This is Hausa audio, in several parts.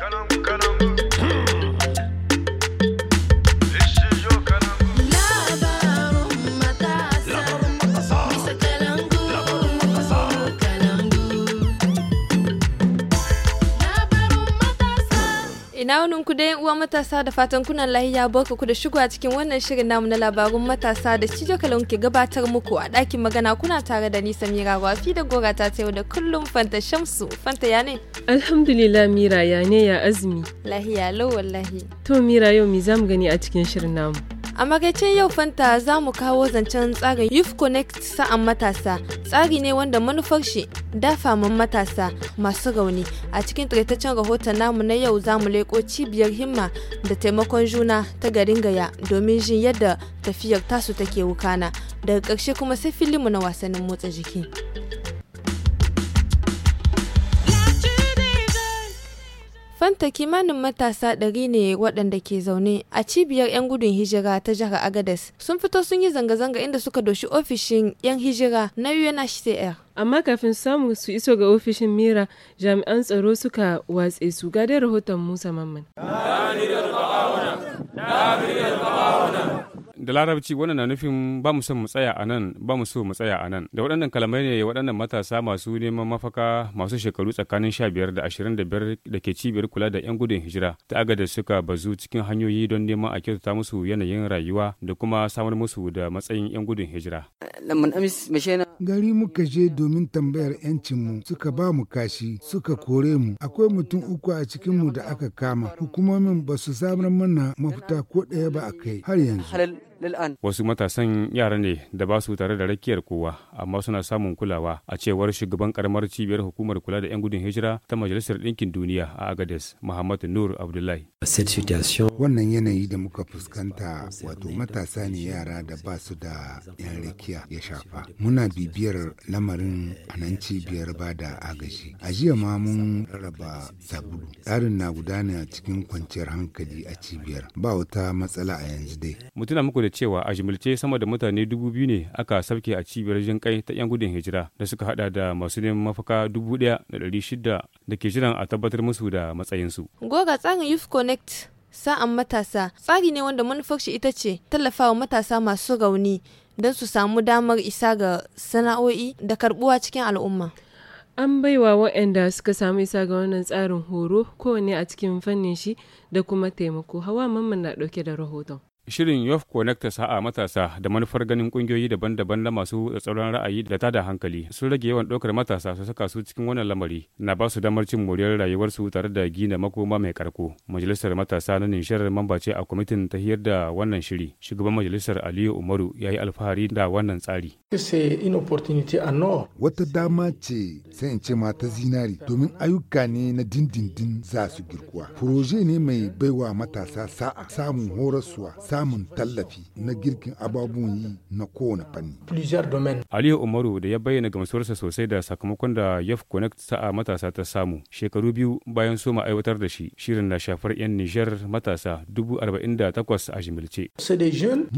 Canum, canum. Ina wani ku dai uwa matasa da fatan kuna lahiya barka ku da shigo a cikin wannan shirin namu na labarun matasa da shi Kalon ke gabatar muku a ɗakin magana kuna tare da ni Samira wafi da gora ta yau da kullum Fanta Shamsu Fanta ya ne? Alhamdulillah Mira ya ne ya azumi. Lahiya lau wallahi. To Mira yau mi zamu gani a cikin shirin namu? A magaicin yau fanta za mu kawo zancen tsarin Youth Connect sa'an matasa. Tsari ne wanda manufar shi dafa man matasa masu rauni. A cikin taitaccen rahoton namu na yau za mu leƙo cibiyar himma da taimakon juna ta garin gaya domin jin yadda tafiyar tasu take wukana. Daga ƙarshe kuma sai filinmu na wasannin motsa jiki. Akanta kimanin matasa ɗari ne waɗanda ke zaune a cibiyar 'yan gudun hijira ta jihar Agadez sun fito sun yi zanga-zanga inda suka doshi ofishin 'yan hijira na UNHCR. Amma kafin samu su iso ga ofishin Mira jami'an tsaro suka watse su ga rahoton Musa Mamman. da larabci wannan na nufin ba mu son mu tsaya a nan ba mu so mu tsaya a nan da waɗannan kalamai ne waɗannan matasa masu neman mafaka masu shekaru tsakanin sha biyar da ashirin da biyar da ke cibiyar kula da 'yan gudun hijira ta agada suka bazu cikin hanyoyi don neman a kyautata musu yanayin rayuwa da kuma samar musu da matsayin 'yan gudun hijira. Gari muka je domin tambayar mu suka ba mu kashi suka kore mu akwai mutum uku a cikinmu da aka kama hukumomin ba su samar mana mafita ko ɗaya ba a kai har yanzu. Wasu matasan yara ne da ba su tare da rakiyar kowa amma suna samun kulawa a cewar shugaban karamar cibiyar hukumar kula da 'yan gudun hijira ta Majalisar Ɗinkin Duniya a Agades Muhammad Nur Abdullahi. Wannan yanayi da muka fuskanta wato matasa ne yara da ba su da yan rakiya ya shafa. Muna bibiyar lamarin a nan cibiyar ba da agaji. A jiya ma mun raba sabulu. Tsarin na gudana cikin kwanciyar hankali a cibiyar. Ba wata matsala a yanzu dai. Mutuna muku da cewa a jimilce sama da mutane dubu biyu ne aka sauke a cibiyar jin kai ta 'yan gudun hijira da suka hada da masu neman mafaka dubu ɗaya da ɗari shida da ke jiran a tabbatar musu da matsayinsu. Goga tsarin ne. connect sa'an matasa tsari ne wanda manufar ita ce tallafawa matasa masu rauni don su samu damar isa ga sana'o'i da karbuwa cikin al'umma. An baiwa waɗanda suka samu isa ga wannan tsarin horo kowane a cikin fannin shi da kuma taimako. Hawa mamman na ɗauke da rahoton. Shirin Yof Connectors a matasa da manufar ganin kungiyoyi daban-daban na masu tsatsauran ra'ayi da tada hankali sun rage yawan ɗaukar matasa su saka su cikin wannan lamari na ba su damar cin moriyar rayuwarsu tare da gina makoma mai karko. Majalisar matasa na Nishar mamba ce a kwamitin ta hiyar da wannan shiri. Shugaban majalisar Aliyu Umaru ya yi alfahari da wannan tsari. Wata dama ce sai in ce mata zinari domin ayyuka ne na dindindin za su girkuwa. Furoje ne mai baiwa matasa sa'a samun horaswa samun tallafi na girkin ababun yi na kowane fanni. Aliyu Umaru da ya bayyana gamsuwarsa sosai da sakamakon da Yaf Connect sa'a matasa ta samu shekaru biyu bayan soma aiwatar da shi shirin na shafar 'yan Nijar matasa dubu arba'in da takwas a jimilce.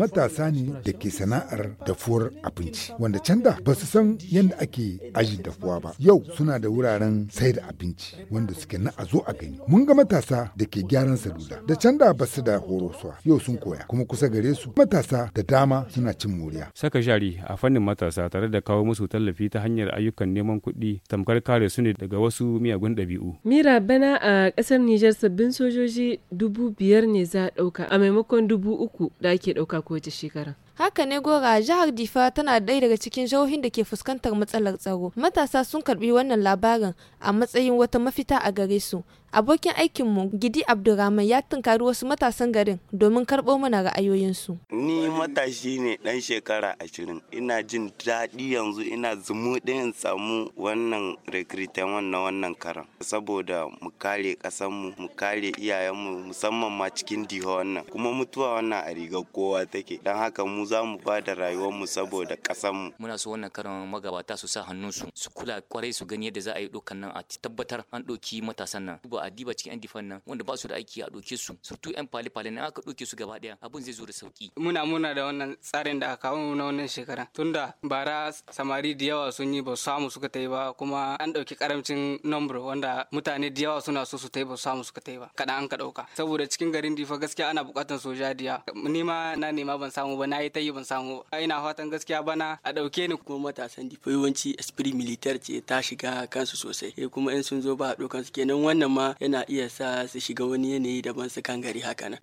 Matasa ne da ke sana'ar dafuwar abinci wanda can da ba su san yadda ake aji dafuwa ba yau suna da wuraren sayar da abinci wanda suke na a zo a gani mun ga matasa da ke gyaran salula da can da ba su da horo yau sun koya kuma kusa gare su matasa da dama suna cin moriya. Saka jari a fannin matasa tare da kawo musu tallafi ta hanyar ayyukan neman kuɗi tamkar kare su ne daga wasu miyagun ɗabi'u. Mira bana a ƙasar Nijar sabbin sojoji dubu biyar ne za a ɗauka a maimakon dubu uku da ake ɗauka kowace shekara. Haka ne gora jihar Difa tana ɗaya daga cikin jihohin da ke fuskantar matsalar tsaro. Matasa sun karbi wannan labarin a matsayin wata mafita a gare su. Abokin aikinmu Gidi Abdurrahman ya tunkari wasu matasan garin domin karɓo mana ra'ayoyinsu. Ni matashi ne ɗan shekara ashirin. Ina jin daɗi yanzu ina zumuɗin samu wannan rekritaman na wannan karan. Saboda mu kare ƙasanmu, mu kare iyayenmu musamman ma cikin diha wannan. Kuma mutuwa wannan a rigar kowa take. Don haka mu za mu ba da rayuwarmu saboda mu. Muna so wannan karin magabata su sa hannun su Su kula kwarai su gani yadda za a yi dokan nan a tabbatar an ɗauki matasan nan. Ba a diba cikin 'yan difan nan wanda ba su da aiki a ɗauke su surtu 'yan fale-fale n'an aka ɗauke su gaba ɗaya abun zai zo da sauki. Muna muna da wannan tsarin da aka kawo na wannan shekara tunda bara samari da yawa sun yi ba su samu suka ta yi ba kuma an ɗauki karamcin number wanda mutane da yawa suna so su ta yi ba samu suka ta yi ba kaɗan an ka ɗauka saboda cikin garin difa gaskiya ana buƙatar soja diya na nema ban samu ba na yi ta yi ban samu ina fatan gaskiya bana a ɗauke ni kuma matasan dipo yawanci esprit militar ce ta shiga kansu sosai eh kuma in sun zo ba haɗo kansu kenan wannan ma yana iya sa su shiga wani yanayi daban su kan gari haka nan.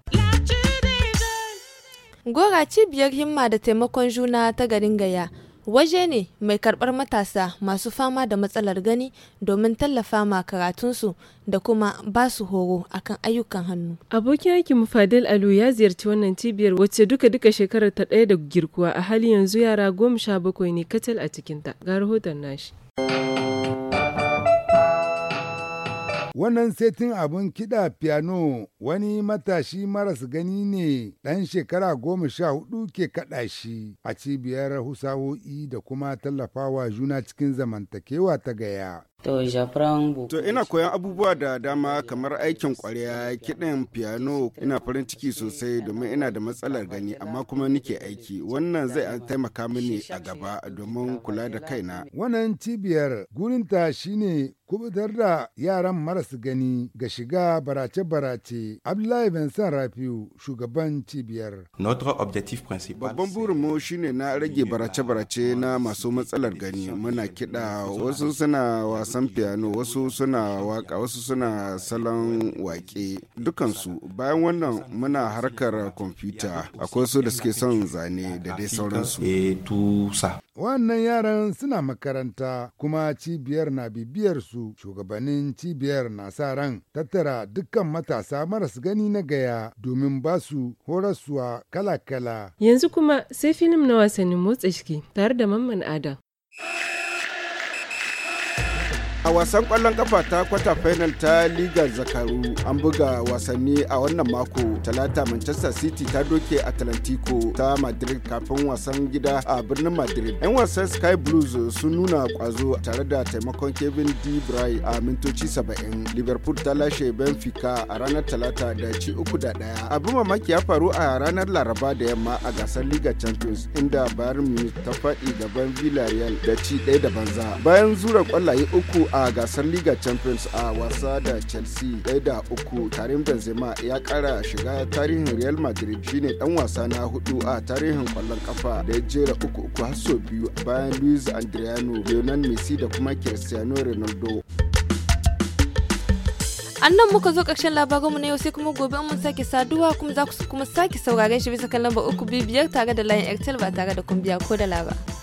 Gora cibiyar himma da taimakon juna ta garin gaya waje ne mai karbar matasa masu fama da matsalar gani domin tallafa ma karatunsu da kuma ba su horo akan ayyukan hannu. Abokin aikin Fadil Alu ya ziyarci wannan cibiyar wacce duka duka shekarar ta ɗaya da girkuwa a hali yanzu yara goma sha bakwai ne kacal a cikinta ga rahoton nashi. Wannan setin abin kiɗa piano wani matashi maras gani ne ɗan shekara goma sha hudu ke kaɗa shi a cibiyar husawo'i da kuma tallafawa juna cikin zamantakewa ta gaya. To ina koyan abubuwa da dama kamar aikin kwarya kiɗan piano ina farin ciki sosai domin ina da matsalar gani amma kuma nike aiki wannan zai taimaka mini a gaba domin kula da kaina. Wannan cibiyar gurinta shine kubutar da yaran marasu gani ga shiga barace-barace Abdullahi san Rafiu shugaban cibiyar. Babban burinmu shine na rage barace-barace na masu matsalar gani muna kiɗa wasu suna wasan wasan piano wasu suna waka wasu suna salon wake dukansu bayan wannan muna harkar kwamfuta akwai su da suke son zane da dai sauransu eh, wannan yaran suna makaranta kuma cibiyar na bibiyar su shugabannin cibiyar na sa ran tattara dukkan matasa maras gani na gaya domin ba su horaswa kala-kala yanzu kuma sai filim na wasannin motsa ciki tare da mamman adam A wasan kwallon kafa ta kwata final ta liga Zakaru an buga wasanni a wannan mako talata Manchester City ta doke Atlantico ta Madrid kafin wasan gida a birnin Madrid. 'Yan wasan Sky Blues sun nuna kwazo tare da taimakon Kevin De a mintoci 70. Liverpool ta lashe Benfica a ranar talata da ci uku da ɗaya. Abu mamaki ya faru a ranar Laraba da yamma a gasar Liga Champions inda Bayern Munich ta faɗi gaban Villarreal da ci ɗaya da banza. Bayan zura kwallaye uku a gasar liga champions a wasa da chelsea ɗaya da uku tarin benzema ya kara shiga tarihin real madrid shine dan wasa na hudu a tarihin kwallon kafa da ya jera uku uku har sau biyu bayan luis andriano lionel messi da kuma cristiano ronaldo an nan muka zo ƙarshen labaranmu na yau sai kuma gobe mun sake saduwa kuma za ku kuma sake saurare shi bisa kan lamba uku biyu biyar tare da layin airtel ba tare da kumbiya ko da laba.